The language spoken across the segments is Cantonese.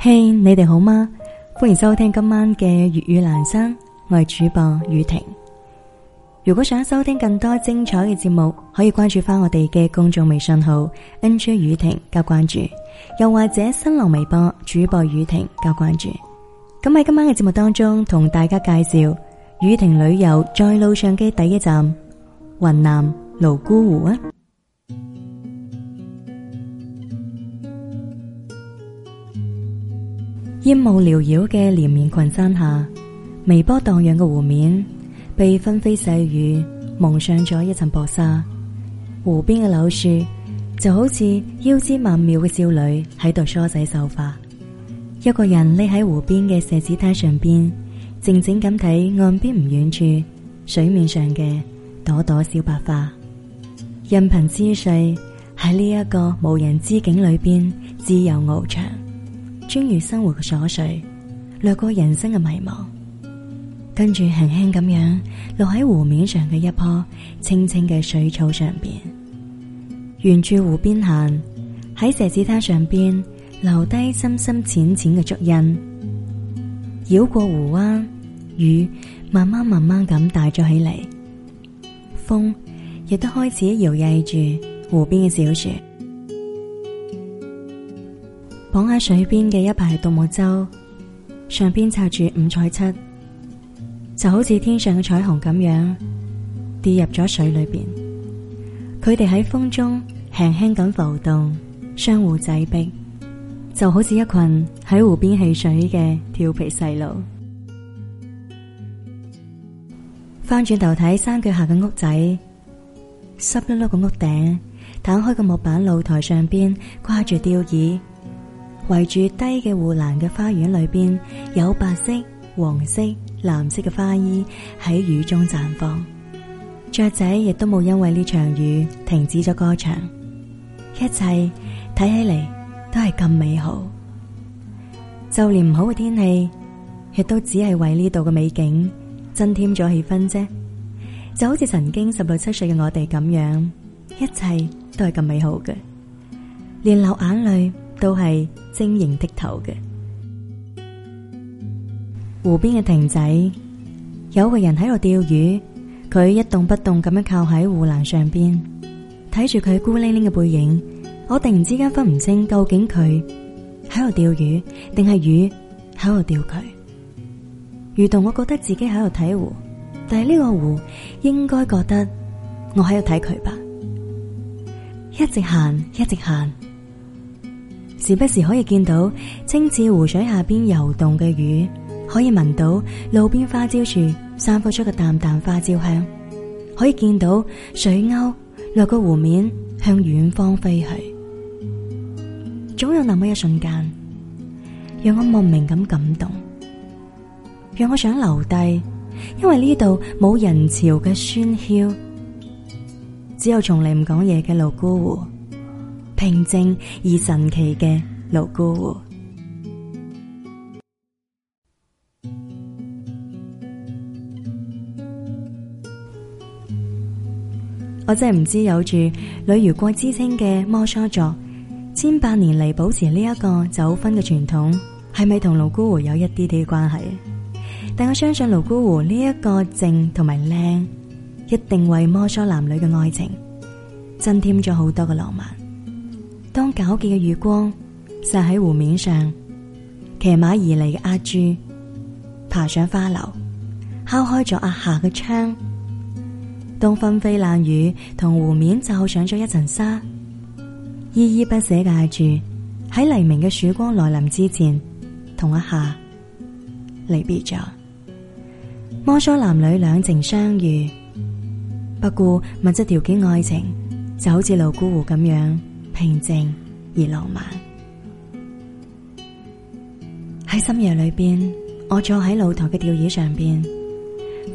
嘿，hey，你哋好嗎？歡迎收聽今晚嘅粵語男聲，我係主播雨婷。如果想收聽更多精彩嘅節目，可以關注返我哋嘅公眾微信號 ng 雨婷加關注，又或者新浪微博主播雨婷加關注。咁喺今晚嘅節目當中，同大家介紹雨婷旅遊在路上嘅第一站雲南瀘沽湖啊！煙霧繚繞嘅連綿群山下，微波蕩漾嘅湖面被紛飛細雨蒙上咗一層薄紗。湖邊嘅柳樹就好似腰肢曼妙嘅少女喺度梳洗秀髮。一個人匿喺湖邊嘅石子灘上邊，靜靜咁睇岸邊唔遠處水面上嘅朵朵小白花。任憑思緒喺呢一個無人之境裏邊自由翱翔。穿越生活嘅瑣碎，掠過人生嘅迷茫，跟住輕輕咁樣落喺湖面上嘅一棵青青嘅水草上邊，沿住湖邊行，喺石子灘上邊留低深深淺淺嘅足印，繞過湖灣，雨慢慢慢慢咁大咗起嚟，風亦都開始搖曳住湖邊嘅小樹。綁喺水邊嘅一排獨木舟，上邊插住五彩漆，就好似天上嘅彩虹咁樣跌入咗水裏邊。佢哋喺風中輕輕咁浮動，相互擠逼，就好似一群喺湖邊戲水嘅調皮細路。翻轉頭睇山腳下嘅屋仔，濕漉漉嘅屋頂，攤開嘅木板露台上邊掛住吊椅。圍住低嘅護欄嘅花園裏邊，有白色、黃色、藍色嘅花衣喺雨中綻放。雀仔亦都冇因為呢場雨停止咗歌唱，一切睇起嚟都係咁美好。就連唔好嘅天氣，亦都只係為呢度嘅美景增添咗氣氛啫。就好似曾經十六七歲嘅我哋咁樣，一切都係咁美好嘅，連流眼淚都係晶瑩剔透嘅。湖邊嘅亭仔，有個人喺度釣魚，佢一動不動咁樣靠喺護欄上邊，睇住佢孤零零嘅背影，我突然之間分唔清究竟佢喺度釣魚，定係魚喺度釣佢。如同我覺得自己喺度睇湖，但係呢個湖應該覺得我喺度睇佢吧？一直行，一直行。時不時可以見到清澈湖水下邊游動嘅魚，可以聞到路邊花椒樹散發出嘅淡淡花椒香，可以見到水鷗掠過湖面向遠方飛去。總有那麼一瞬間，讓我莫名咁感動，讓我想留低，因為呢度冇人潮嘅喧囂，只有從嚟唔講嘢嘅瀘沽湖。平靜而神奇嘅瀘沽湖，我真係唔知有住女兒國之稱嘅摩梭族，千百年嚟保持呢一個走婚嘅傳統，係咪同瀘沽湖有一啲啲關係？但我相信瀘沽湖呢一個靜同埋靚，一定為摩梭男女嘅愛情增添咗好多嘅浪漫。當皎潔嘅月光射喺湖面上，騎馬而嚟嘅阿珠爬上花樓，敲開咗阿夏嘅窗。當紛飛冷雨同湖面罩上咗一層紗，依依不捨嘅阿珠喺黎明嘅曙光來臨之前，同阿夏離別咗。摩梭男女兩情相悅，不顧物質條件，愛情就好似瀘沽湖咁樣。平靜而浪漫，喺深夜裏邊，我坐喺露台嘅吊椅上邊，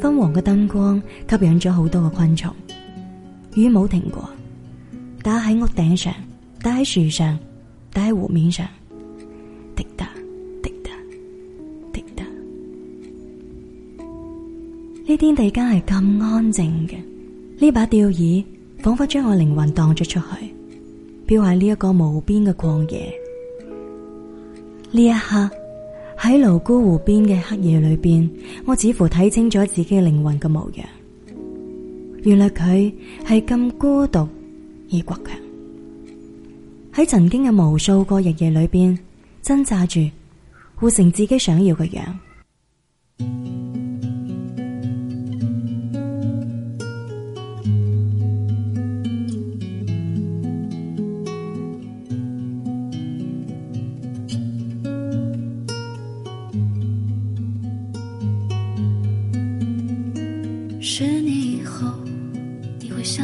昏黃嘅燈光吸引咗好多嘅昆蟲。雨冇停過，打喺屋頂上，打喺樹上，打喺湖面上，滴答滴答滴答。呢天地間係咁安靜嘅，呢把吊椅仿佛將我靈魂蕩咗出去。飄喺呢一個無邊嘅曠野，呢一刻喺瀘沽湖邊嘅黑夜裏邊，我似乎睇清咗自己靈魂嘅模樣。原來佢係咁孤獨而倔強，喺曾經嘅無數個日夜裏邊掙扎住，活成自己想要嘅樣。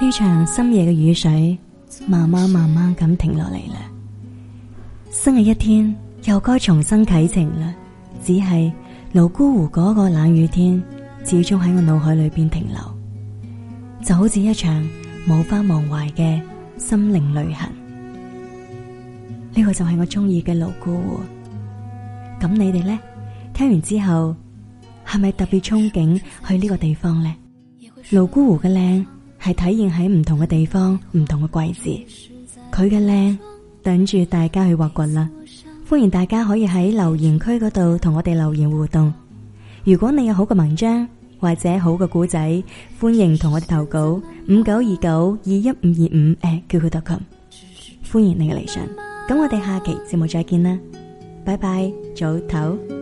呢場深夜嘅雨水慢慢慢慢咁停落嚟啦，新嘅一天又該重新啟程啦。只係瀘沽湖嗰個冷雨天，始終喺我腦海裏邊停留，就好似一場冇法忘懷嘅心靈旅行。呢個就係我中意嘅瀘沽湖。咁你哋呢？聽完之後係咪特別憧憬去呢個地方呢？瀘沽湖嘅靚係體現喺唔同嘅地方、唔同嘅季節，佢嘅靚等住大家去挖掘啦。歡迎大家可以喺留言區嗰度同我哋留言互動。如果你有好嘅文章或者好嘅故仔，歡迎同我哋投稿五九二九二一五二五 @qq.com。歡迎你嘅嚟信，咁我哋下期節目再見啦，拜拜早唞。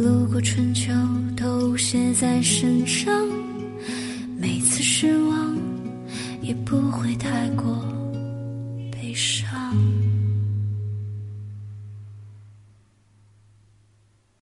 路過春秋，都寫在身上。每次失望，也不。